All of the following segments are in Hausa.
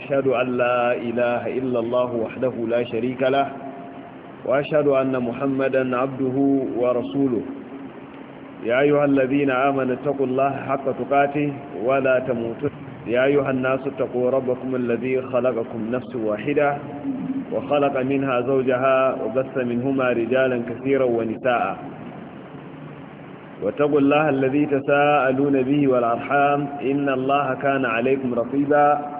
وأشهد أن لا إله إلا الله وحده لا شريك له وأشهد أن محمدا عبده ورسوله يا أيها الذين آمنوا اتقوا الله حق تقاته ولا تموتن يا أيها الناس اتقوا ربكم الذي خلقكم نفس واحدة وخلق منها زوجها وبث منهما رجالا كثيرا ونساء واتقوا الله الذي تساءلون به والأرحام إن الله كان عليكم رقيبا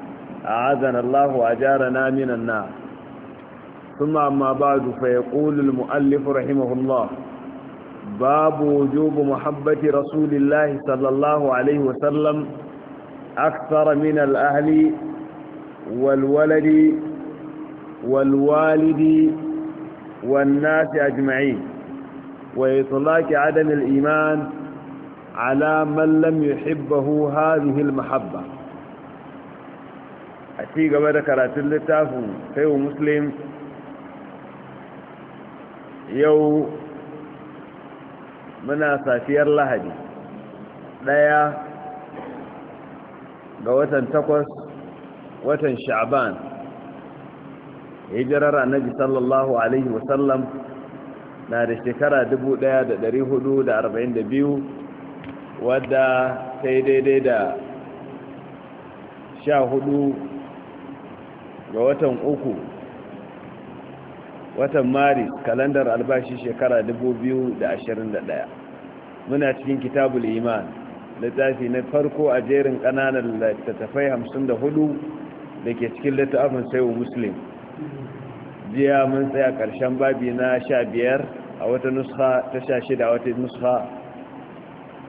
أعاذنا الله وأجارنا من النار ثم أما بعد فيقول المؤلف رحمه الله باب وجوب محبة رسول الله صلى الله عليه وسلم أكثر من الأهل والولد والوالد والناس أجمعين وإطلاق عدم الإيمان على من لم يحبه هذه المحبة a ci gaba da karatun littafin saiwa muslim yau muna safiyar lahadi ɗaya ga watan takwas watan sha'ban hijirar annabi sallallahu alaihi wasallam na da shekara biyu wadda ta daidai da sha hudu ga watan uku watan maris kalandar albashi shekara 2021 muna cikin kitabul iman littafi na farko a jerin kananan littattafai 54 da ke cikin littafin sayo muslim jiya mun tsaya karshen babi na 15 a wata nuska ta 16 a wata nuska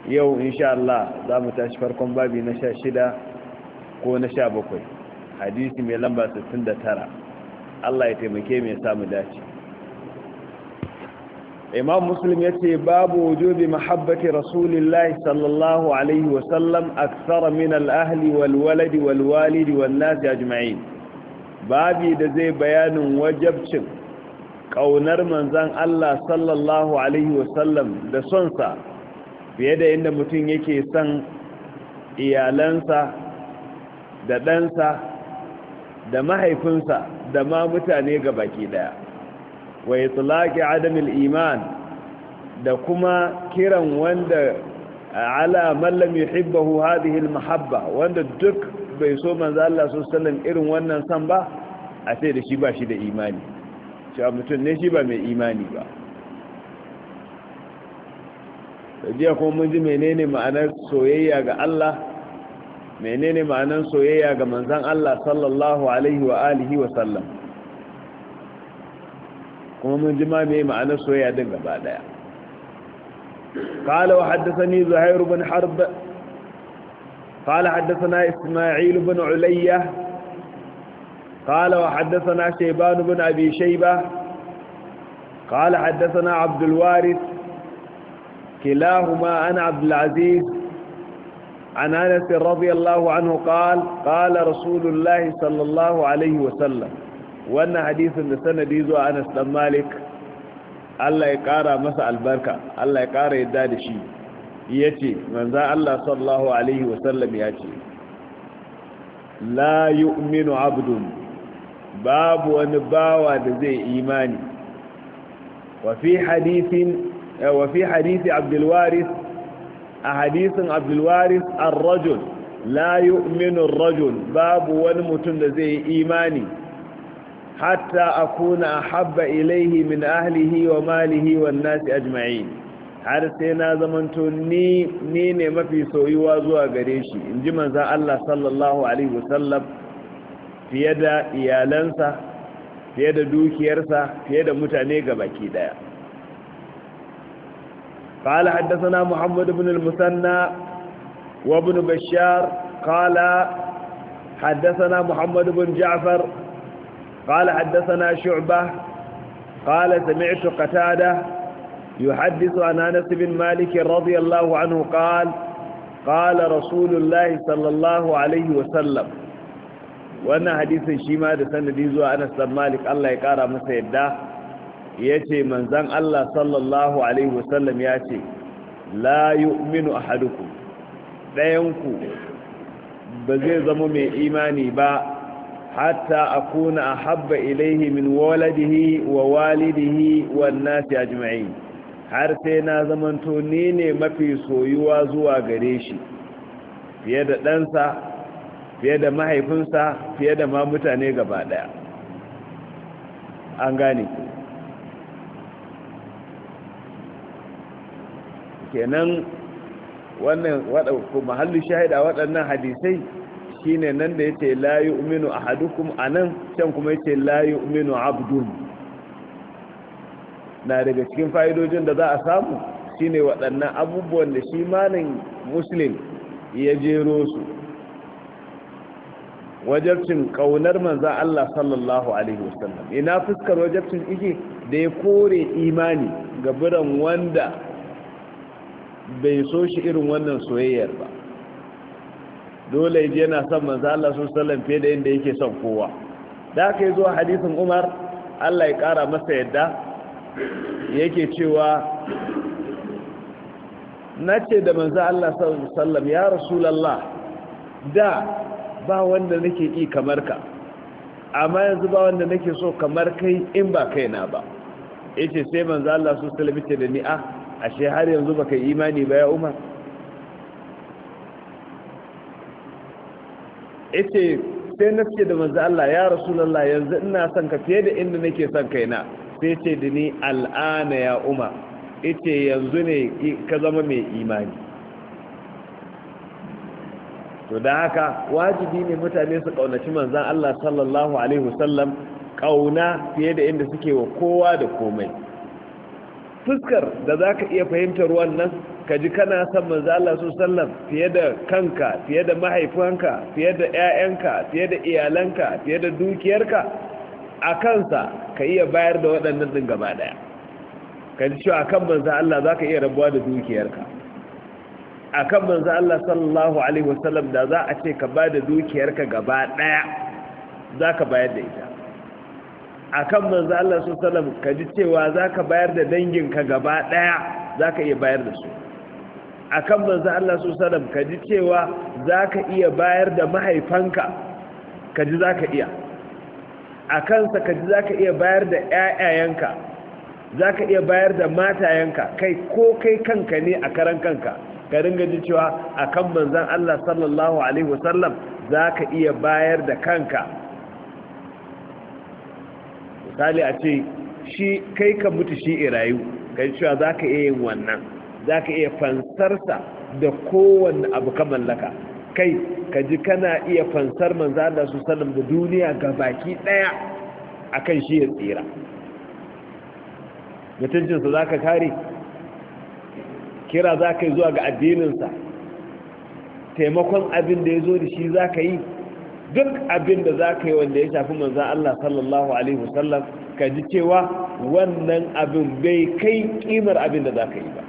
yau insha Allah za mu tashi farkon babi na 16 ko na 17 hadisi mai lamba 69 Allah ya taimake mai samu dace imam muslim ya ce babu wujubi mahabbati rasulillahi sallallahu alaihi wasallam aksara min al'ahli walwaladi walwalidi wannasi ajma'in babi da zai bayanin wajabcin ƙaunar manzan Allah sallallahu alaihi wasallam da sonsa fiye da inda mutum yake son iyalansa da ɗansa da mahaifinsa da ma mutane ga baki daya wa itlaqi adamil iman da kuma kiran wanda ala man lam yuhibbu hadhihi al mahabba wanda duk bai so manzo Allah sallallahu alaihi irin wannan san ba a sai da shi ba shi da imani cewa mutum ne shi ba mai imani ba jiya kuma mun ji menene ma'anar soyayya ga Allah menene ma'anan soyayya ga manzan Allah sallallahu alaihi wa alihi wa sallam kuma mun ji ma me ma'anar soyayya din gaba daya قال وحدثني زهير بن حرب قال حدثنا إسماعيل بن علية قال وحدثنا شيبان بن أبي شيبة قال حدثنا عبد الوارث كلاهما أنا عبد العزيز عن أنس رضي الله عنه قال قال رسول الله صلى الله عليه وسلم وأن حديث لسنة ديزو أنس بن مالك الله يقارى مساء البركة الله يقارى يداد شيء يتي من ذا الله صلى الله عليه وسلم يتي لا يؤمن عبد باب ونباوى ذي إيماني وفي حديث وفي حديث عبد الوارث a hadisin abdulwaris ar-rajul la yu'minu ar-rajul babu wani mutum da zai yi imani hatta akuna ahabba ilaihi min ahlihi wa malihi wan nasi ajma'in har sai na zamanto ni ni ne mafi soyuwa zuwa gare shi inji manzo Allah sallallahu alaihi wasallam fiye da iyalansa fiye da dukiyarsa fiye da mutane gabaki daya قال حدثنا محمد بن المثنى وابن بشار قال حدثنا محمد بن جعفر قال حدثنا شعبة قال سمعت قتادة يحدث عن أنس بن مالك رضي الله عنه قال قال رسول الله صلى الله عليه وسلم وانا حديث شيما ده سندي زو انس بن مالك الله يقرا مسا يده ya ce manzan Allah sallallahu Alaihi wasallam ya ce la yu'minu ahadukum ɗayanku ba zai zama mai imani ba hatta akuna ahabba ilaihi min waladihi wa walidihi wa nasi ajma'in har sai na zamanto ni ne mafi soyuwa zuwa gare shi fiye da ɗansa fiye da mahaifinsa fiye da ma mutane gaba ɗaya an gane ku kenan wannan mahallu shahida waɗannan hadisai shine nan da yace la yu'minu ahadukum anan can kuma yace la yu'minu abdun na daga cikin fa'idojin da za a samu shine waɗannan abubuwan da shi malin muslim ya jero su wajabcin kaunar manza Allah sallallahu alaihi wasallam ina fuskar wajabcin ike da ya kore imani ga biran wanda bai so shi irin wannan soyayyar ba dole ji yana son manzo Allah sun sallan fiye da inda yake son kowa da aka yi zuwa hadisin umar Allah ya kara masa yadda yake cewa na ce da manzo Allah sallam ya rasulallah da ba wanda nake ƙi kamar ka amma yanzu ba wanda nake so kamar kai in ba kaina ba yace sai manzo Allah sallallahu alaihi wasallam ce da ni ah ashe har yanzu baka imani ba ya umar ita sai na ce da manzo Allah ya rasulullah yanzu ina son ka fiye da inda nake son kaina sai ce da ni al'ana ya umar ita yanzu ne ka zama mai imani to da haka wajibi ne mutane su kaunaci manzan Allah sallallahu alaihi wasallam kauna fiye da inda suke wa kowa da komai fuskar da za ka iya fahimtar wannan ka ji kana son manzo Allah su sallam fiye da kanka fiye da mahaifanka fiye da ƴaƴanka, fiye da iyalanka fiye da dukiyarka a kansa ka iya bayar da waɗannan ɗin gaba ɗaya ka ji cewa akan manzo Allah za ka iya rabuwa da dukiyarka akan manzo Allah sallallahu alaihi wasallam da za a ce ka ba da dukiyarka gaba ɗaya za ka bayar da ita akan manzo Allah su sallam ka ji cewa zaka bayar da danginka gaba daya zaka iya bayar da su akan manzo Allah su sallam ka ji cewa zaka iya bayar da mahaifanka ka ji zaka iya akan sa ka ji zaka iya bayar da ƴaƴayenka zaka iya bayar da matayenka kai ko kai kanka ne a karan kanka ka ringa ji cewa akan manzon Allah sallallahu alaihi wasallam zaka iya bayar da kanka misali a ce shi kai ka mutu shi rayu kan cewa za ka iya yin wannan za ka iya fansarsa da kowane abu ka mallaka kai ka ji kana iya fansar manza da su sanin da duniya ga baki ɗaya a kan shi ya tsira mutuncinsa za ka kare kira za ka yi zuwa ga addininsa taimakon abin da ya zo da shi za ka yi duk abin da za ka yi wanda ya shafi manzan Allah sallallahu Alaihi wasallam ka ji cewa wannan abin bai kai kimar abin da za ka yi ba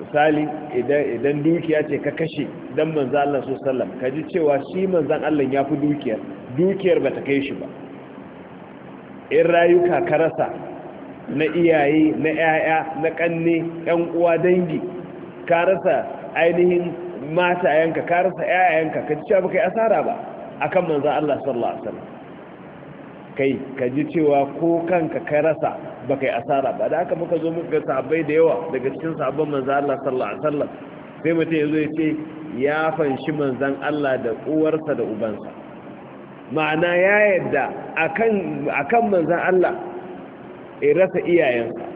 misali idan dukiya ce ka kashe don manzan Allah sallam ka ji cewa shi manzan Allah ya fi dukiyar dukiyar ba ta kai shi ba in rayuka ka rasa na iyaye na 'ya'ya na ƙanne 'yan uwa dangi ka rasa ainihin Mata ka rasa yayayenka ka ji cewa ba kai asara ba akan manzo Allah sallallahu alaihi wasallam kai ka ji cewa ko kanka ka rasa ba kai asara ba da haka muka zo muka ga sahabbai da yawa daga cikin sahabban manzo Allah sallallahu alaihi wasallam sai mutum ya zo ya ce ya fanshi manzon Allah da uwarsa da ubansa ma'ana ya yadda akan akan manzon Allah ya rasa iyayensa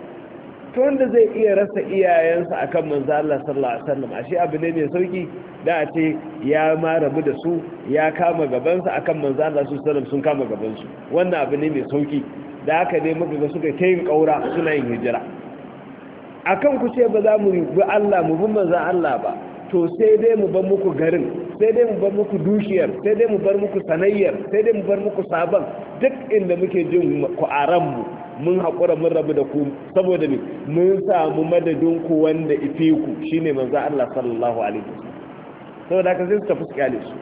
tun da zai iya rasa iyayensa a kan manzan Allah sallallahu alaihi wasallam ashe abu ne mai sauki da a ce ya ma rabu da su ya kama gabansa a kan manzan Allah sallallahu alaihi wasallam sun kama gabansu wannan abu ne mai sauki da haka ne muka ga suka ta yin ƙaura suna yin hijira akan ku ce ba za mu bi Allah mu bi manzan Allah ba to sai dai mu bar muku garin sai dai mu bar muku dukiyar sai dai mu bar muku sanayyar sai dai mu bar muku sabon duk inda muke jin ku aran mu mun haƙura mun rabu da ku saboda ne mun samu madadin ku wanda ife ku shine manzo Allah sallallahu alaihi wasallam saboda haka sai su tafi su kyale su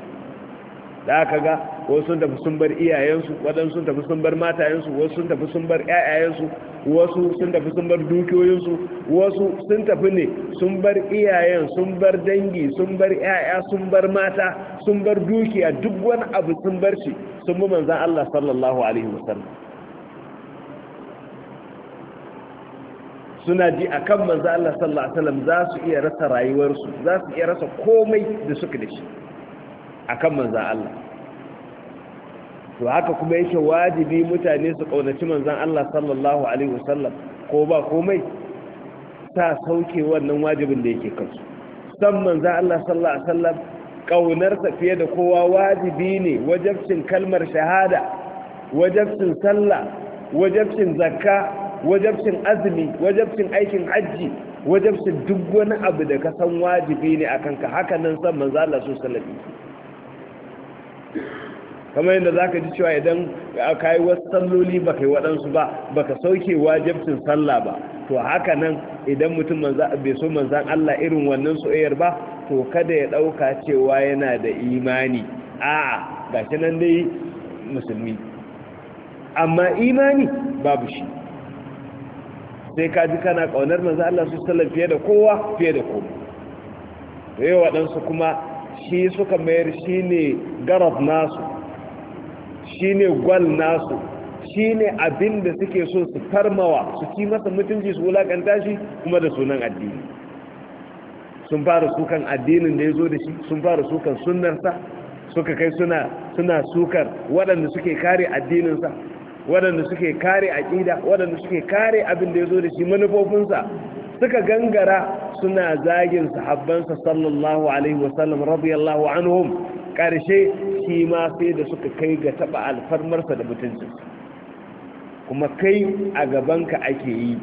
da aka ga wasu sun tafi sun bar iyayensu waɗansu sun tafi sun bar matayensu wasu sun tafi sun bar ƴaƴayensu wasu sun tafi sun bar dukiyoyinsu wasu sun tafi ne sun bar iyayen sun bar dangi sun bar ƴaƴa sun bar mata sun bar dukiya duk wani abu sun bar shi sun bi manzon Allah sallallahu alaihi wasallam suna ji a kan manzo Allah sallallahu alaihi wasallam za su iya rasa rayuwarsu za su iya rasa komai da suka da a kan manzo Allah to haka kuma yake wajibi mutane su kaunaci manzon Allah sallallahu alaihi wasallam ko ba komai ta sauke wannan wajibin da yake kansu san manzon Allah sallallahu alaihi wasallam kaunarsa fiye da kowa wajibi ne wajabcin kalmar shahada wajabcin sallah wajabcin zakka wajabcin azumi wajabcin aikin hajji wajabcin duk wani abu da ka san wajibi ne a kanka haka nan san manzo Allah su salafi kamar yadda zaka ji cewa idan ka yi wasu salloli baka yi waɗansu ba baka sauke wajabcin sallah ba to haka nan idan mutum bai so manzan Allah irin wannan soyayyar ba to kada ya ɗauka cewa yana da imani a'a gashi nan dai musulmi amma imani babu shi sai ka ji kana ƙaunar manzo Allah su sallam fiye da kowa fiye da kowa to yau waɗansu kuma shi suka mayar shi ne garab nasu shi ne gwal nasu shi ne abin da suke so su farmawa su ci masa mutunci su wulaƙanta shi kuma da sunan addini sun fara sukan addinin da ya zo da shi sun fara sukan sunnarsa suka kai suna sukar waɗanda suke kare addininsa waɗanda suke kare aƙida waɗanda suke kare abin da ya zo da shi manufofinsa suka gangara suna zagin sahabbansa sallallahu alaihi wasallam radiyallahu anhum ƙarshe shi ma sai da suka kai ga taɓa alfarmarsa da mutuncinsa kuma kai a gabanka ake yi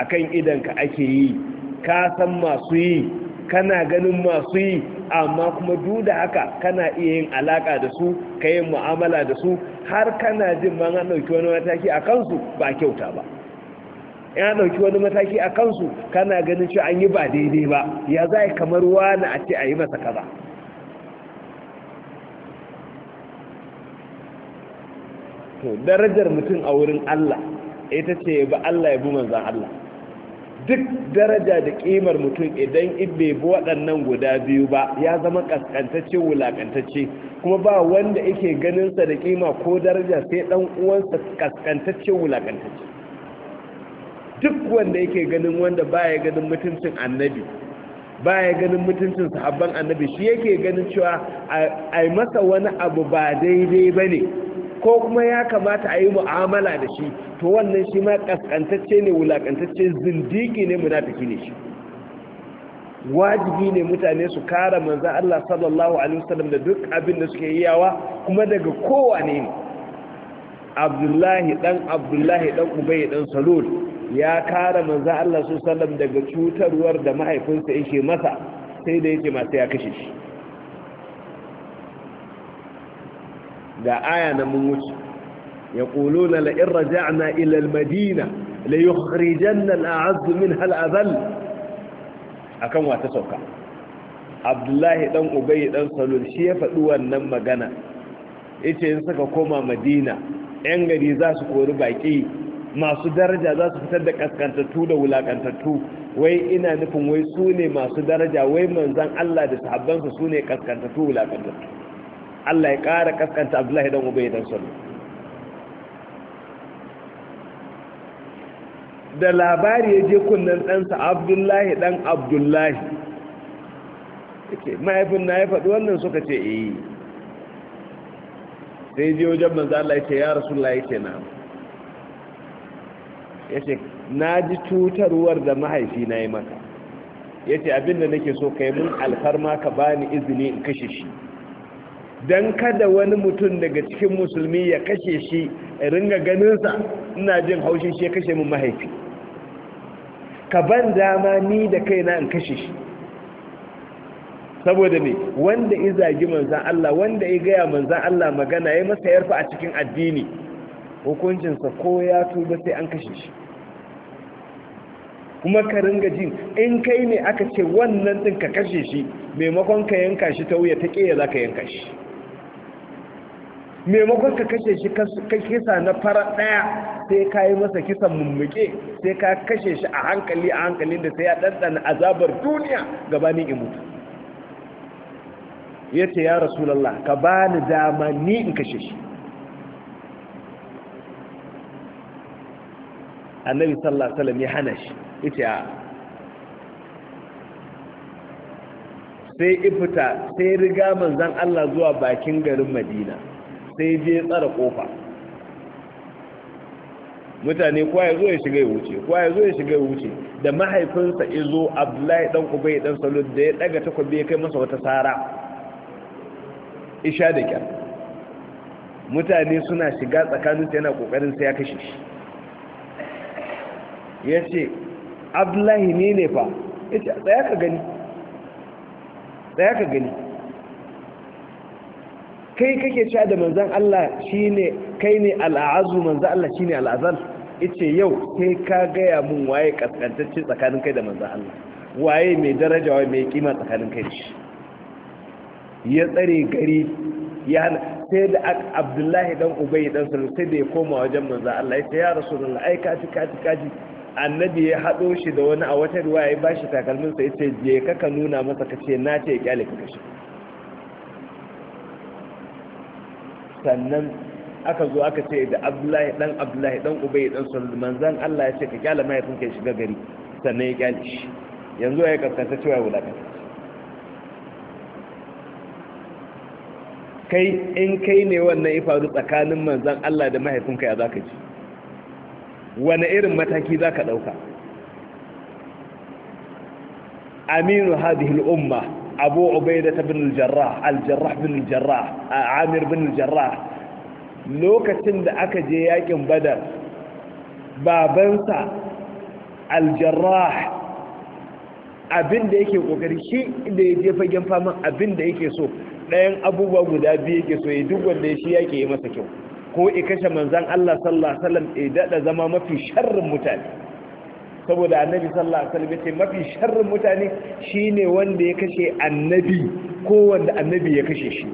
a kan idanka ake yi ka san masu yi kana ganin masu yi amma kuma duk da haka kana iya yin alaka da su ka yi mu'amala da su har kana jin ma an ɗauki wani mataki a kansu ba kyauta ba Ya ɗauki wani mataki a kansu kana ganin cewa an yi ba daidai ba ya za kamar wani a ce a yi masa kaza to darajar mutum a wurin Allah ita ce ya Allah ya bi manzan Allah duk daraja da ƙimar mutum idan ibe bi waɗannan guda biyu ba ya zama ƙasƙantacce wulaƙantacce kuma ba wanda yake ganinsa da ƙima ko daraja sai ɗan uwansa ƙasƙantacce wulaƙantacce duk wanda yake ganin wanda baya ganin mutuncin annabi baya ganin mutuncin sahabban annabi shi yake ganin cewa a masa wani abu ba daidai ba ne ko kuma ya kamata a yi mu'amala da shi to wannan shi ma kaskantacce ne wulakantacce zindiki ne munafiki ne shi wajibi ne mutane su kara manzo Allah sallallahu alaihi wasallam da duk abin da suke yawa kuma daga kowane ne Abdullahi dan Abdullahi dan Ubay dan Salul ya kara manzo Allah sallallahu alaihi wasallam daga cutarwar da mahaifinsa yake masa sai da yake masa ya kashe shi ga aya na mun wuce ya ƙulo na la'in raja'na ilal madina la yi harijan na al'azu min hal'azal a kan wata sauka abdullahi ɗan ubayi ɗan salul shi ya faɗi wannan magana ita yin suka koma madina 'yan gari za su kori baƙi masu daraja za su fitar da kaskantattu da wulakantattu wai ina nufin wai su ne masu daraja wai manzan Allah da sahabbansa su ne kaskantattu wulakantattu Allah ya ƙara kaskanta Abdullahi don Ubay don Sallu da labari ya je kunnen ɗansa Abdullahi ɗan Abdullahi yake mahaifin na ya faɗi wannan suka ce yi. Eh. sai je wajen manzo Allah ya ce ya ya ce na ce na ji cutarwar da mahaifi na yi maka ce abinda nake so kai mun alfarma ka bani izini in kashe shi don kada wani mutum daga cikin musulmi ya kashe shi ringa ganinsa ina jin haushin shi ya kashe min mahaifi ka ban dama ni da kaina in kashe shi saboda ne wanda ya zagi manzan Allah wanda ya gaya manzan Allah magana ya masa yarfa a cikin addini hukuncinsa ko ya tuba sai an kashe shi kuma ka ringa jin in kai ne aka ce wannan din ka kashe shi maimakon ka yanka shi ta wuya ta ƙeya za ka yanka shi maimakon ka kashe shi kisa na fara ɗaya sai ka yi masa kisan mummuke sai ka kashe shi a hankali a hankali da sai ya ɗanɗana azabar duniya gabanin in ya ce ya rasulallah ka ba ni dama ni in kashe shi annabi sallallahu alaihi wasallam ya hana shi yace a sai ifita sai riga zan Allah zuwa bakin garin Madina sai je tsara kofa mutane kuwa ya zo ya shiga ya wuce kuwa ya zo ya shiga ya wuce da mahaifinsa izo abdullahi dan kubai dan salud da ya daga takobi ya kai masa wata sara isha da kyar mutane suna shiga tsakaninsa yana kokarin sai ya kashe shi ya ce abdullahi ne ne fa ya ce tsaya ka gani tsaya ka gani kai kake cewa da manzan Allah shine kai ne al'azu manzan Allah shine al'azal yace yau sai ka gaya mun waye kaskantacce tsakanin kai da manzan Allah waye mai daraja waye mai kima tsakanin kai da shi ya tsare gari ya sai da Abdullahi dan Ubay dan sai da ya koma wajen manzan Allah yace ya Rasulullah ai kaji kaji kaji annabi ya hado shi da wani a wata ruwa ya bashi takalmin sa yace je ka ka nuna masa kace na ce kyale ka kashi sannan aka zo aka ce da abdullahi dan abdullahi dan ubai dan sulul manzan Allah ya ce ka kyala mahaifin ka shiga gari sannan ya kyale shi yanzu ya kaskanta cewa ya wulaka kai in kai ne wannan ya faru tsakanin manzan Allah da mahaifin ka ya za ka ji Wani irin mataki za ka ɗauka aminu hadihil umma abu ubaida bin al-jarrah al-jarrah bin jarrah amir bin jarrah lokacin da aka je yaƙin badar babansa al-jarrah abin da yake kokari shi da ya je fagen faman abin da yake so ɗayan abubuwa guda biyu yake so ya duk wanda ya shi yake yi masa kyau ko ya kashe manzan Allah sallallahu alaihi wasallam ya dada zama mafi sharrin mutane saboda annabi sallallahu alaihi wasallam yace mafi sharrin mutane shine wanda ya kashe annabi ko wanda annabi ya kashe shi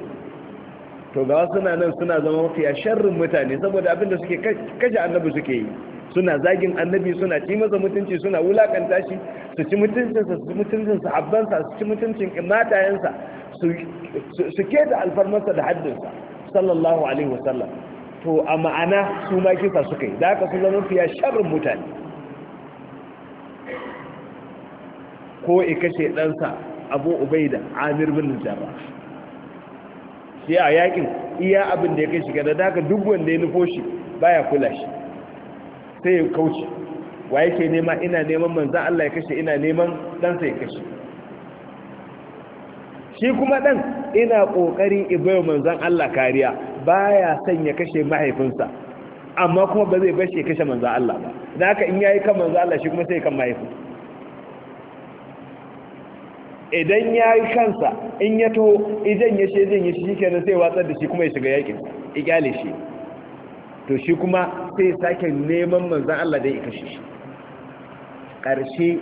to ga wasu nan suna zama mafi sharrin mutane saboda abinda suke kashe annabi suke yi suna zagin annabi suna ci masa mutunci suna wulakanta shi su ci mutuncinsa su ci abban sa su ci mutuncin matayensa su keta alfarmarsa da sa sallallahu alaihi wasallam to a ma'ana su ma kisa suka yi da haka su zama fiya sharrin mutane ko ya kashe ɗansa abu ubaida amir bin jarra shi a yakin iya abin da ya kai shiga da daga duk wanda ya nufo shi baya kula shi sai ya kauce wa yake nema ina neman manzan Allah ya kashe ina neman ɗansa ya kashe shi kuma ɗan ina ƙoƙarin ibayo manzan Allah kariya baya son ya kashe mahaifinsa amma kuma ba zai ya kashe manzan Allah ba da haka in yi kan manzan Allah shi kuma sai kan mahaifinsa idan ya yi kansa in ya taho idan ya ce zai yi shi kenan sai watsar da shi kuma ya shiga yakin ikyale shi to shi kuma sai sake neman manzan Allah da ya kashe shi ƙarshe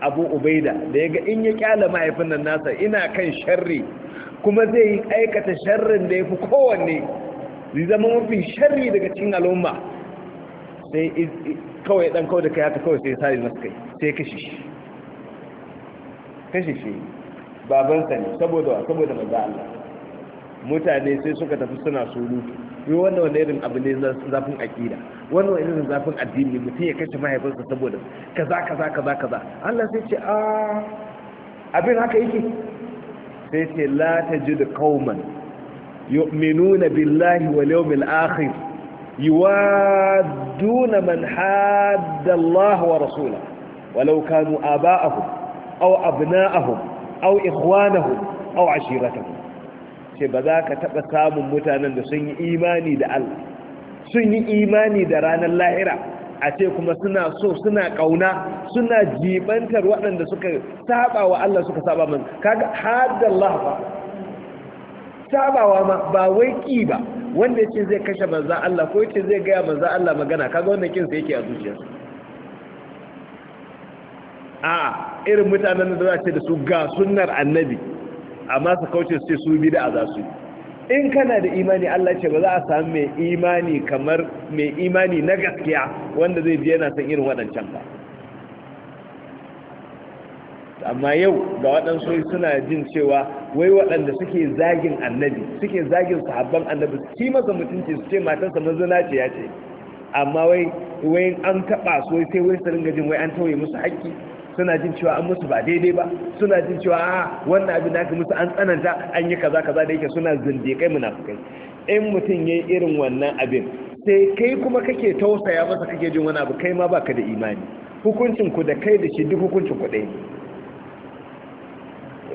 abu ubaida da ya ga in ya kyala mahaifin nan nasa ina kan sharri kuma zai yi aikata sharrin da ya fi kowanne zai zama mafi sharri daga cikin al'umma sai kawai ɗan kawai da kai haka kawai sai yi masu kai sai kashe shi kashe shi babansa ne saboda saboda manzo Allah mutane sai suka tafi suna surutu yi wannan wani irin abu ne zafin akida wannan wani irin zafin addini mutum ya kashe mahaifinsa saboda kaza kaza kaza kaza Allah sai ce a ah, abin haka yake sai ce la ta ji da kauman qauman yu'minuna billahi wal yawmil akhir yuwadduna man hadda Allah wa rasulahu walau kanu aba'ahum aw abna'ahum aw ikhwanahum aw ashiratahum ce ba za ka taba samun mutanen da sun yi imani da Allah sun yi imani da ranar lahira a ce kuma suna so suna kauna suna jibantar waɗanda suka saba wa Allah suka saba man kaga haddallah ba sabawa ma ba wai ki ba wanda yake zai kashe manzo Allah ko yake zai ga manzo Allah magana kaga wannan kin sai yake a zuciyarsa a'a irin mutanen da za ce da su ga sunnar annabi amma su kauce su ce su da za su in kana da imani Allah ce ba za a samu mai imani kamar mai imani na gaskiya wanda zai biya yana san irin waɗancan ba amma yau ga waɗansu suna jin cewa wai waɗanda suke zagin annabi suke zagin sahabban annabi su masa mutunci su ce matarsa mazana ce ya ce amma wai an taɓa sosai sai wai su ringa wai an tauye musu haƙƙi suna jin cewa an musu ba daidai ba suna jin cewa a wannan abin da aka musu an tsananta an yi kaza kaza da yake suna zindikai munafukai in mutum yayi irin wannan abin sai kai kuma kake tausaya masa kake jin wani abu kai ma baka da imani hukuncin ku da kai da shi duk hukuncin ku ɗaya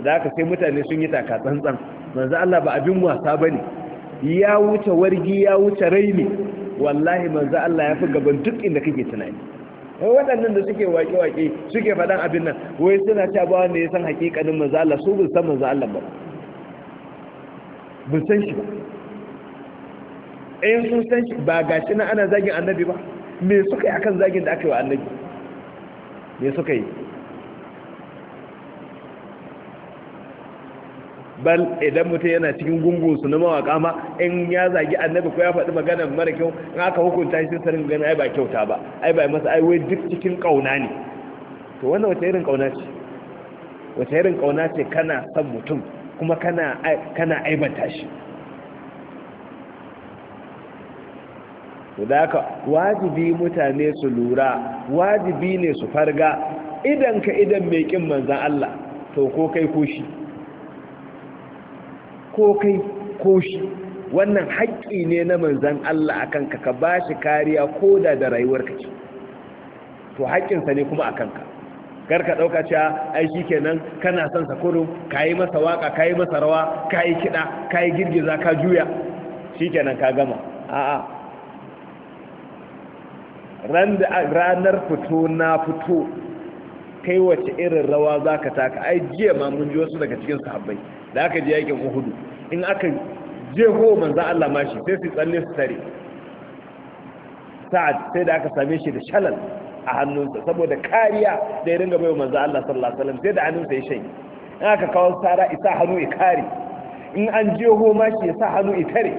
da haka sai mutane sun yi taka tsantsan manzo Allah ba abin wasa bane ya wuce wargi ya wuce raini wallahi manzo Allah ya fi gaban duk inda kake tunani wai waɗannan da suke waƙe-waƙe suke faɗan abin nan wai suna ta ba wanda ya san hakikanin manzo Allah su bin san manzo Allah ba bin san shi ba in eh, sun san shi ba gashi na ana zagin annabi ba me suka yi akan zagin da aka yi wa annabi me suka yi bal idan mutum yana cikin gungun su na mawaka ma in ya zagi annabi ko ya faɗi magana mara kyau in aka hukunta shi sarin gani ai ba kyauta ba ai ba masa ai wai duk cikin kauna ne to wannan wata irin kauna ce wata irin kauna ce kana son mutum kuma kana kana aibanta shi da haka wajibi mutane su lura wajibi ne su farga idan ka idan mai kin manzan Allah to ko kai ko shi ko kai ko shi wannan haƙƙi ne na manzan Allah a kanka ka ba shi kariya ko da da rayuwarka ce to haƙƙinsa ne kuma a kanka kar ka ɗauka cewa ai shi kenan kana son sa kurum ka yi masa waƙa ka yi masa rawa ka yi kiɗa ka yi girgiza ka juya shi kenan ka gama a'a ranar fito na fito kai wace irin rawa za ka taka ai jiya ma mun ji wasu daga cikin sahabbai da aka ji yakin uhudu in aka je jeho manzo Allah mashi sai su tsalle su tare sa'ad sai da aka same shi da shalal a hannunsa saboda kariya da ya ringa bayo manzo Allah sallallahu alaihi wasallam sai da hannunsa ya shanye in aka kawo sara isa hannu ya kare in an je jeho mashi ya sa hannu ya tare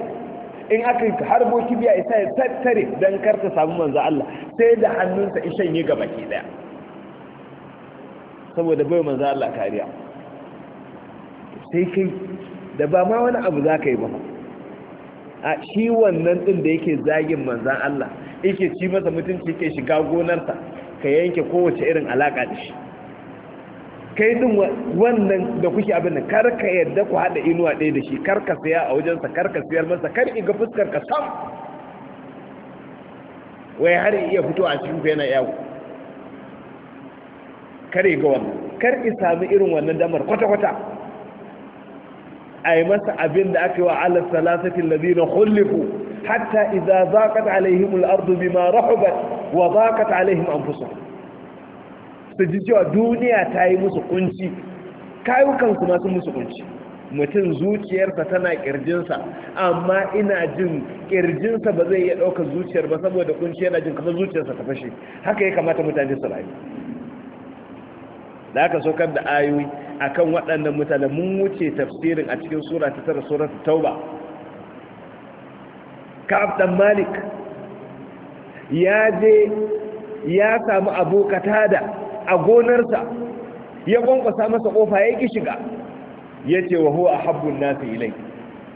in aka harbo kibiya isa ya tattare dan karta samu manzo Allah sai da hannunsa ya shanye gaba ke daya saboda bayo manzo Allah kariya sai kai da ba ma wani abu za ka yi ba a shi wannan ɗin da yake zagin manzan Allah yake ci masa mutunci yake shiga gonarsa ka yanke kowace irin alaƙa da shi kai din wannan da kuke abin nan kar ka yadda ku haɗa inuwa ɗaya da shi kar ka saya a wajensa kar ka siyar masa kar iga fuskar ka sam wai har iya fito a cikin ku yana yawo kar iga wannan kar ki sami irin wannan damar kwata-kwata a yi masa abin da aka yi wa ala salasatin lazina hullifu hatta idza zaqat alaihim ma ardu bima rahabat wa zaqat alaihim anfusuhum su ji cewa duniya ta yi musu kunci Kayukan ma sun musu kunci mutum zuciyarsa tana kirjinsa amma ina jin kirjinsa ba zai iya ɗaukar zuciyar ba saboda kunci yana jin kamar zuciyarsa ta fashe haka ya kamata mutane su rayu da aka saukar da ayoyi akan waɗannan mutane mun wuce tafsirin a cikin sura ta tara sura ta tauba ka'ab dan malik ya je ya samu abu da a gonarsa ya kwankwasa masa ƙofa ya ki shiga ya ce wa huwa ahabbun nasu ilai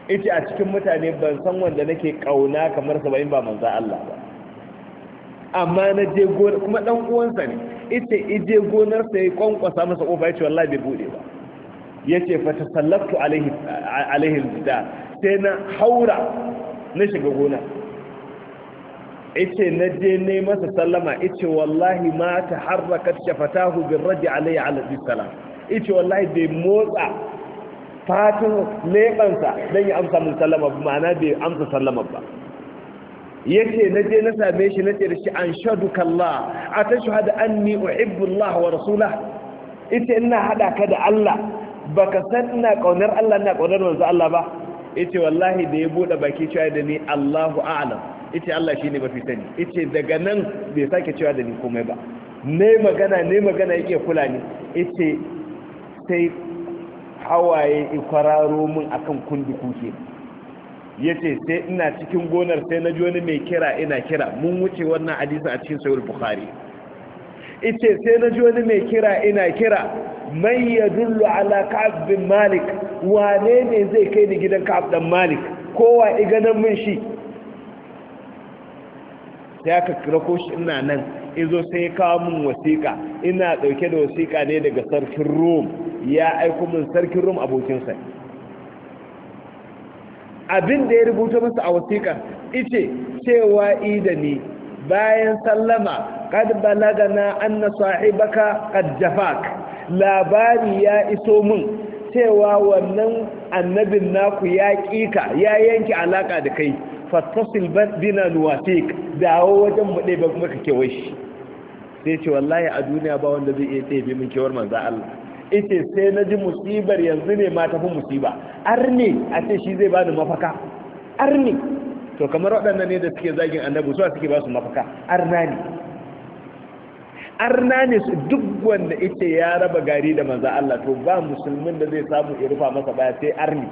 ita a cikin mutane ban san wanda nake ƙauna kamar sa ba in ba manzo Allah ba amma na je gona kuma ɗan uwansa ne ita ije gonar sai kwankwasa masa kofa ce wallahi bai bude ba yace fa tasallatu alaihi alaihi da sai na haura na shiga gona ice na je ne masa sallama ita wallahi ma taharrakat shafatahu birradi alaihi ala salam ita wallahi bai motsa fatin lebansa dan ya amsa mun sallama ma'ana bai amsa sallama ba yace na je na same shi na da shi an shadu Allah a ta shahada anni uhibbu Allah wa rasula ita ina hada ka da Allah baka san ina kaunar Allah ina kaunar manzo Allah ba yace wallahi da ya bude baki cewa da ni Allahu a'lam yace Allah shine mafi sani yace daga nan bai sake cewa da ni komai ba ne magana ne magana yake kula ni yace sai hawaye ikwararo mun akan kundi kuke ya ce sai ina cikin gonar sai na ji mai kira ina kira mun wuce wannan hadisi a cikin sayar bukhari ita sai na joni mai kira ina kira mai ya dullu ala ka'ab malik wane ne zai kai ni gidan ka'ab dan malik kowa iganan min shi sai aka kirako shi ina nan izo sai kawo min wasiƙa ina ɗauke da wasiƙa ne daga sarkin rom ya aiko min sarkin rom abokinsa abin da ya rubuta masa a wasiƙar ice cewa ida ne bayan sallama kad balagana anna sahibaka kad jafak labari ya iso mun cewa wannan annabin naku ya kika ya yanke alaka da kai fattasil bina nuwatik dawo wajen mu ɗaya ba kuma ka kewaye shi sai ce wallahi a duniya ba wanda zai iya tsaye min kewar manzo Allah ita sai na ji musibar yanzu ne ma tafi musiba Arni a ce shi zai bani mafaka Arni to kamar waɗannan ne da suke zagin annabu su suke ba su mafaka arna ne arna ne su duk wanda ita ya raba gari da manza Allah to ba musulmin da zai samu ya rufa masa baya sai arni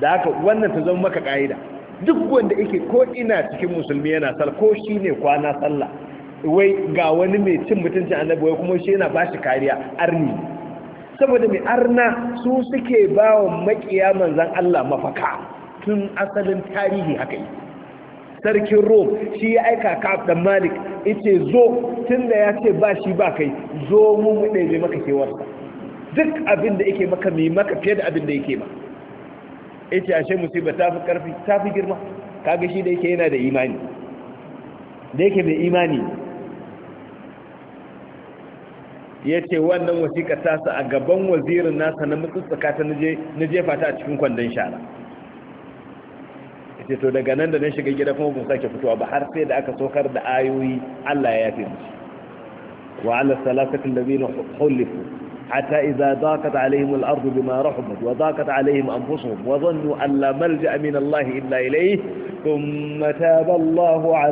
da haka wannan ta zama maka ka'ida duk wanda ike ko ina cikin musulmi yana sal ko shine kwana sallah wai ga wani mai cin mutuncin annabi wai kuma shi yana ba shi kariya arni saboda mai arna su suke ba wa makiya manzan Allah mafaka tun asalin tarihi haka yi sarkin rome shi ya aika kaf da malik ita zo tun da ya ce ba shi ba kai zo mu muɗe mai maka kewarsa duk abin da yake maka mai maka fiye da abin da yake ma ita ashe musibar ta fi ƙarfi ta fi girma ga shi da yake yana da imani da yake mai imani ya ce wannan wasiƙa tasa a gaban wazirin nasa na mutsutsuka ta na jefa ta a cikin kwandon shara ya to daga nan da na shiga gida kuma kun sake fitowa ba har sai da aka sokar da ayoyi allah ya yafe musu wa ala salasatin da zina hullifu hata iza zakat alaihim al'ardu bima rahumat wa zakat alaihim anfusuhum wa zannu an la malja min allah illa ilayhi thumma taba allah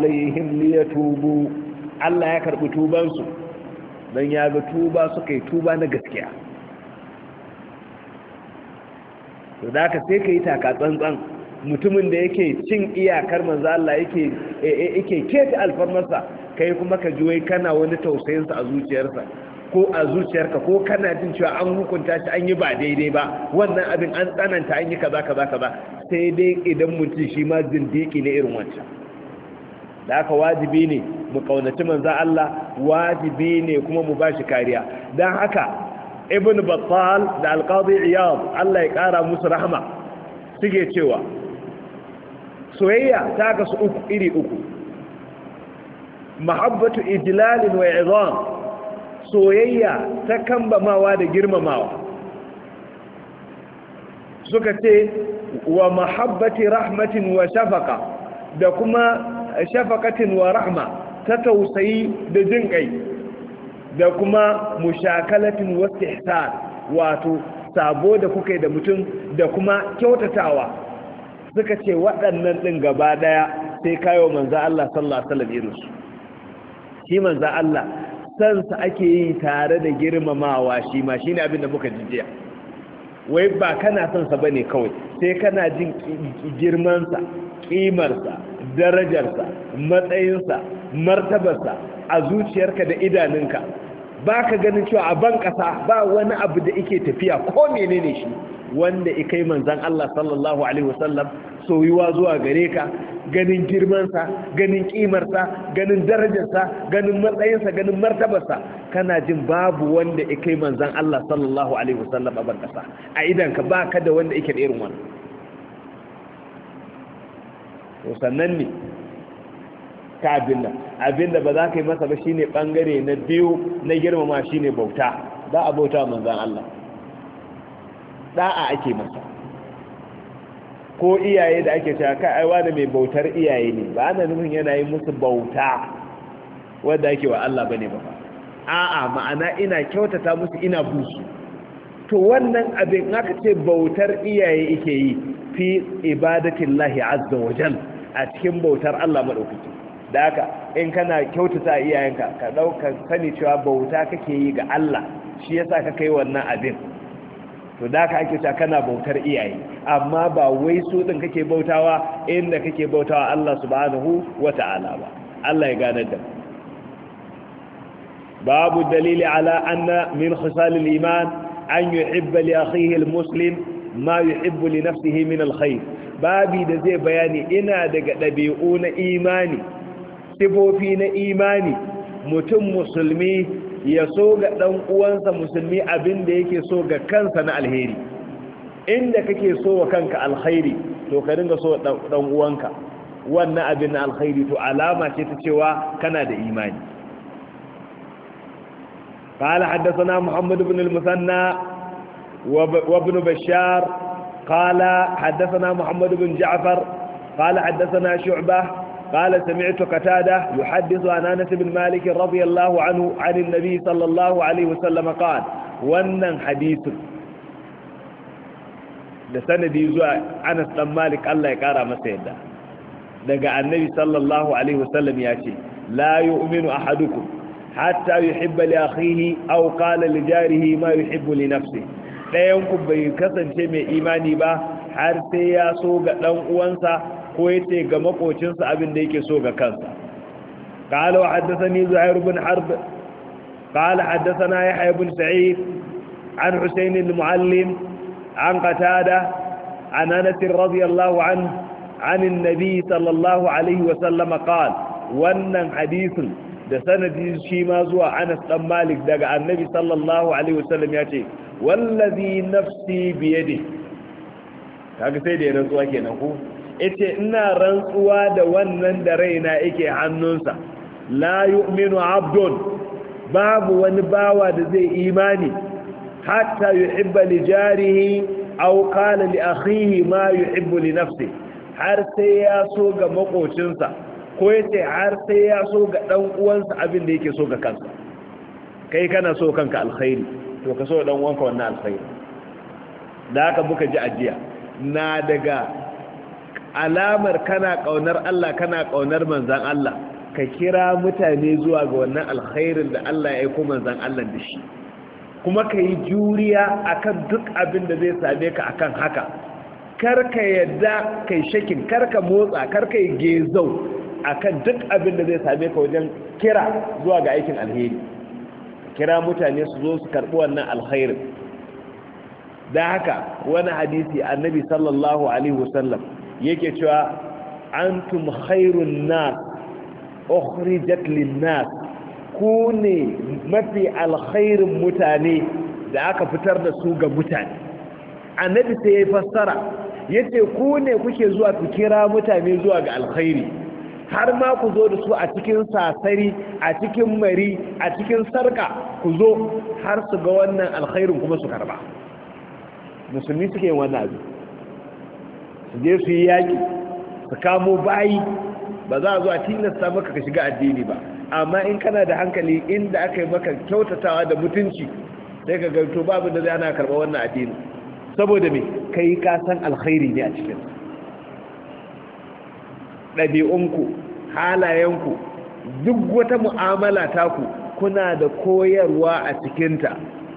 allah ya karbi tubansu don ya ga tuba suka yi tuba na gaskiya to da ka sai ka yi taka tsantsan mutumin da yake cin iyakar manzo Allah yake eh, eh, yake keta alfarmarsa kai kuma ka ji juwai kana wani tausayinsa a zuciyarsa ko a zuciyarka ko kana jin cewa an hukunta shi an yi ba daidai ba wannan abin an tsananta an yi kaza kaza kaza sai dai idan mutum shi ma zindiki ne irin wancan da aka wajibi ne mu kaunaci manza Allah wajibi ne kuma mu bashi kariya don haka ibn battal da alqadi iyad Allah ya kara musu rahama suke cewa soyayya ta kasu uku iri uku mahabbatu ijlalin wa izam soyayya ta kambamawa da girmamawa suka ce wa mahabbati rahmatin wa shafaka da kuma shafaqatin wa rahma ta tausayi da jin kai da kuma mushakalatin wa istihsan wato sabo da kuka da mutum da kuma kyautatawa suka ce waɗannan ɗin gaba ɗaya sai kayo manza Allah sallallahu alaihi wasallam shi manza Allah sansa ake yi tare da girmamawa shi ma shine abin da muka jiya. wai ba kana son ba ne kawai sai kana jin girmansa ƙimarsa. darajarsa matsayinsa martabarsa a zuciyarka da idanunka ba ka ganin cewa a ban ƙasa ba wani abu da ike tafiya ko mene ne shi wanda ikai manzan Allah sallallahu alaihi wasallam soyuwa zuwa gare ka ganin girmansa ganin ƙimarsa, ganin darajarsa ganin matsayinsa ganin martabarsa kana jin babu wanda ikai manzan Allah sallallahu alaihi wasallam a ban ƙasa a idanka ba ka da wanda ike da irin wannan to sannan ne ka abin nan abin da ba za ka yi masa ba shine bangare na biyu na girmama shine bauta ba a bauta manzan Allah da'a ake masa ko iyaye da ake cewa kai aiwa da mai bautar iyaye ne ba ana nufin yana yi musu bauta wanda ake wa Allah bane ba a'a ma'ana ina kyautata musu ina busu to wannan abin aka ce bautar iyaye yake yi fi ibadatin lahi azza wajalla a cikin bautar Allah maɗaukaki da haka in kana kyautata a iyayenka ka ɗauka sani cewa bauta kake yi ga Allah shi yasa ka kai wannan abin to da haka ake cewa kana bautar iyaye amma ba wai su ɗin kake bautawa inda kake bautawa Allah subhanahu wata'ala ba Allah ya gane da babu dalili ala anna min khisalil iman an yuhibba li akhihi al-muslim ma yuhibbu li nafsihi min al-khayr babi da zai bayani ina daga ɗabi'u na imani sifofi na imani mutum musulmi ya so ga ɗan uwansa musulmi abin da yake so ga kansa na alheri inda kake so wa kanka alkhairi to ka dinga so ɗan uwanka wannan abin na alkhairi to alama ce ta cewa kana da imani قال حدثنا محمد بن المثنى وابن بشار قال حدثنا محمد بن جعفر قال حدثنا شعبة قال سمعت قتادة يحدث عن أنس بن مالك رضي الله عنه عن النبي صلى الله عليه وسلم قال wannan hadisin da sanadi zuwa Anas dan Malik Allah ya kara masa yadda daga Annabi sallallahu alaihi wasallam ya ce la yu'minu ahadukum hatta yuhibba li akhihi aw qala li jarihi ma ɗayanku bai kasance mai imani ba har sai ya so ga ɗan uwansa ko ya ce ga makocinsa abin da yake so ga kansa قال وحدثني زهير بن حرب قال حدثنا يحيى بن سعيد عن حسين المعلم an قتادة عن أنس رضي الله عنه عن النبي صلى الله عليه wannan hadisin da sanadi shi ma zuwa Anas dan Malik daga Annabi sallallahu alaihi wasallam ya ce wallazi nafsi yadi kaga sai da rantsuwa kenan ko yace ina rantsuwa da wannan da raina yake hannunsa la yu'minu abdun babu wani bawa da zai imani hatta yuhibba li jarihi aw qala li akhihi ma yuhibbu li nafsihi har sai ya so ga makocinsa ko ya ce har sai ya so ga ɗan uwansa abin da yake so ga kansa kai kana so kanka alkhairi to ka so ɗan uwanka wannan alkhairi da haka buka ji ajiya na daga alamar kana ƙaunar Allah kana ƙaunar manzan Allah ka kira mutane zuwa ga wannan alkhairin da Allah ya yi ko manzan Allah da shi kuma ka yi juriya akan duk abin da zai same ka akan haka karka yadda kai shakin karka motsa karka yi gezau akan duk abin da zai same ka wajen kira zuwa ga aikin alheri kira mutane su zo su karbi wannan alheri da haka wani hadisi annabi sallallahu alaihi wasallam yake cewa antum khairun nas ukhrijat lin nas ku ne mafi alkhairin mutane da aka fitar da su ga mutane annabi sai ya fassara yace ku ne kuke zuwa ku kira mutane zuwa ga alkhairi har ma ku zo da su a cikin sasari a cikin mari a cikin sarka ku zo har su ga wannan alkhairin kuma su karba musulmi suke yin wannan abu su je su yi yaƙi su kamo bayi ba za a zo a tilasta maka ka shiga addini ba amma in kana da hankali inda aka yi maka kyautatawa da mutunci sai ka ganto babu da zai ana karɓa wannan addini saboda me kai ka san alkhairi ne a cikin ɗabi'unku halayenku duk wata mu'amala taku kuna da koyarwa a cikinta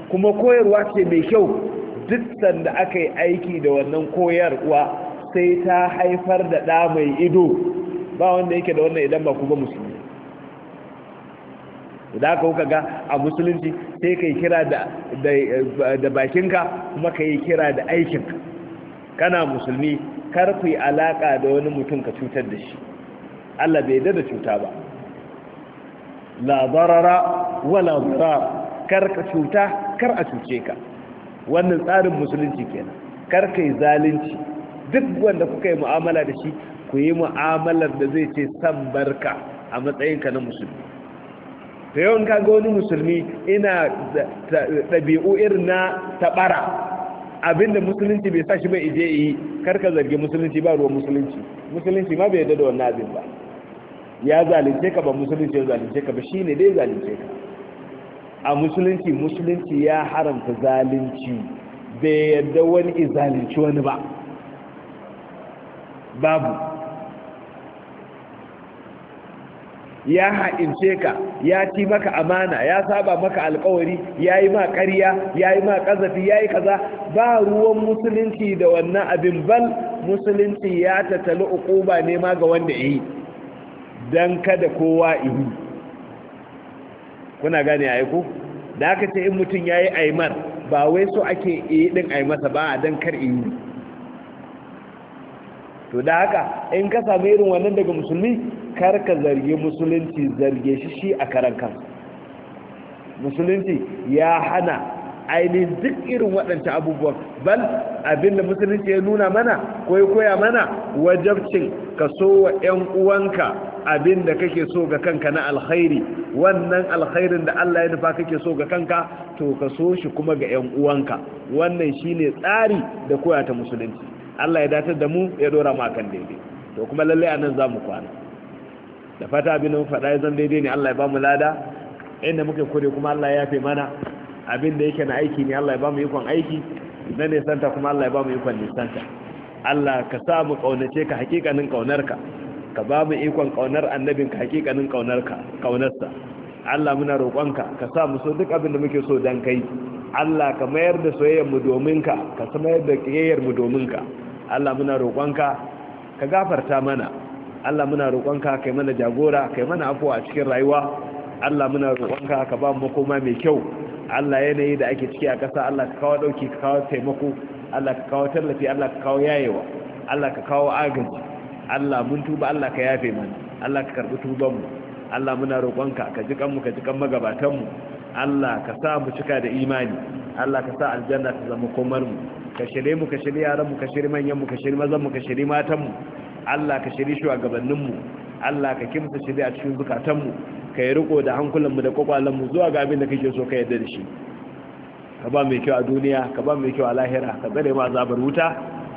kuma koyarwa ce mai kyau duk sanda aka yi aiki da wannan koyarwa sai ta haifar da ɗa mai ido ba wanda yake da wannan idan ba ku ba musulmi da aka kuka ga a musulunci sai ka yi kira da bakinka kuma ka yi kira da aikinka kana musulmi kar ku yi alaka da wani mutum ka cutar da shi Allah bai yarda da cuta ba la darara wala zarar kar ka cuta kar a cuce ka wannan tsarin musulunci kenan kar kai zalunci duk wanda kuka yi mu'amala da shi ku yi mu'amalar da zai ce san barka a matsayinka na musulmi ta yawan kaga wani musulmi ina ɗabi'u irin na taɓara abinda musulunci bai sa shi bai ije yi karka zargi musulunci ba ruwan musulunci musulunci ma bai yadda da wannan abin ba ya zalunce ka ba musulunci ya zalunce ka ba shi ne dai zalunce ka a musulunci musulunci ya haramta zalunci bai yadda wani zalunci wani ba babu ya ha'ince ka ya ci maka amana ya saba maka alkawari ya yi ma ƙarya ya yi ma ƙazafi ya yi kaza ba ruwan musulunci da wannan abin bal musulunci ya tattali ukuba ne ma ga wanda ya yi don kada kowa ihu kuna gane a ku da aka ce in mutum ya yi aimar ba wai so ake iya ɗin aimasa ba a don kar ihu to da haka in ka samu irin wannan daga musulmi karka zarge musulunci zarge shi shi a karan kan, musulunci ya hana ainihin duk irin waɗancan abubuwan bal abinda musulunci ya nuna mana ko ya koya mana wajabcin ka so wa 'yan uwanka abinda kake so ga kanka na alkhairi wannan alkhairin da Allah ya nufa kake so ga kanka to ka so shi kuma ga 'yan uwanka wannan shine tsari da koya ta musulunci Allah ya datar da mu ya dora mu daidai to kuma lallai anan mu kwana da fata abin da mun faɗa zan daidai ne Allah ya ba mu lada inda muke kure kuma Allah ya yafe mana abin da yake na aiki ne Allah ya ba mu ikon aiki na nisanta kuma Allah ya ba mu ikon nisanta Allah ka sa mu kaunace ka hakikanin kaunarka ka ba mu ikon kaunar ka hakikanin kaunarka kaunarsa Allah muna roƙonka ka sa mu so duk abin da muke so dan kai Allah ka mayar da soyayyar mu domin ka ka mayar da kiyayyar mu domin ka Allah muna roƙonka ka gafarta mana Allah muna roƙonka kai mana jagora kai mana afuwa a cikin rayuwa Allah muna roƙonka ka ba mu makoma mai kyau Allah yanayi da ake ciki a ƙasa Allah ka kawo dauki ka kawo taimako Allah ka kawo tallafi Allah ka kawo yayewa Allah ka kawo agaji Allah mun tuba Allah ka yafe mana Allah ka karɓi tubanmu Allah muna roƙonka ka ji kanmu ka ji kan magabatanmu Allah ka sa mu cika da imani Allah ka sa aljanna ta zama komar mu ka shirye mu ka shirye yaran mu ka shirye manyan mu ka shirye mazan mu ka shirye matan mu Allah ka shiri gabaninmu Allah ka kimsa shiri a cikin zukatanmu ka yi riko da hankulanmu da kwakwalanmu zuwa ga abin da kake so ka yarda da shi ka ba mai kyau a duniya ka ba mai kyau a lahira ka tsare ma zabar wuta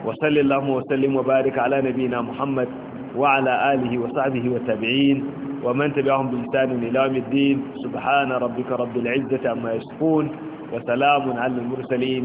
wa sallallahu wa sallim wa barika ala nabiyina muhammad wa ala alihi wa sahbihi wa tabi'in wa man tabi'ahum bi ihsan ila yawm subhana rabbika rabbil izzati amma yasifun wa salamun alal mursalin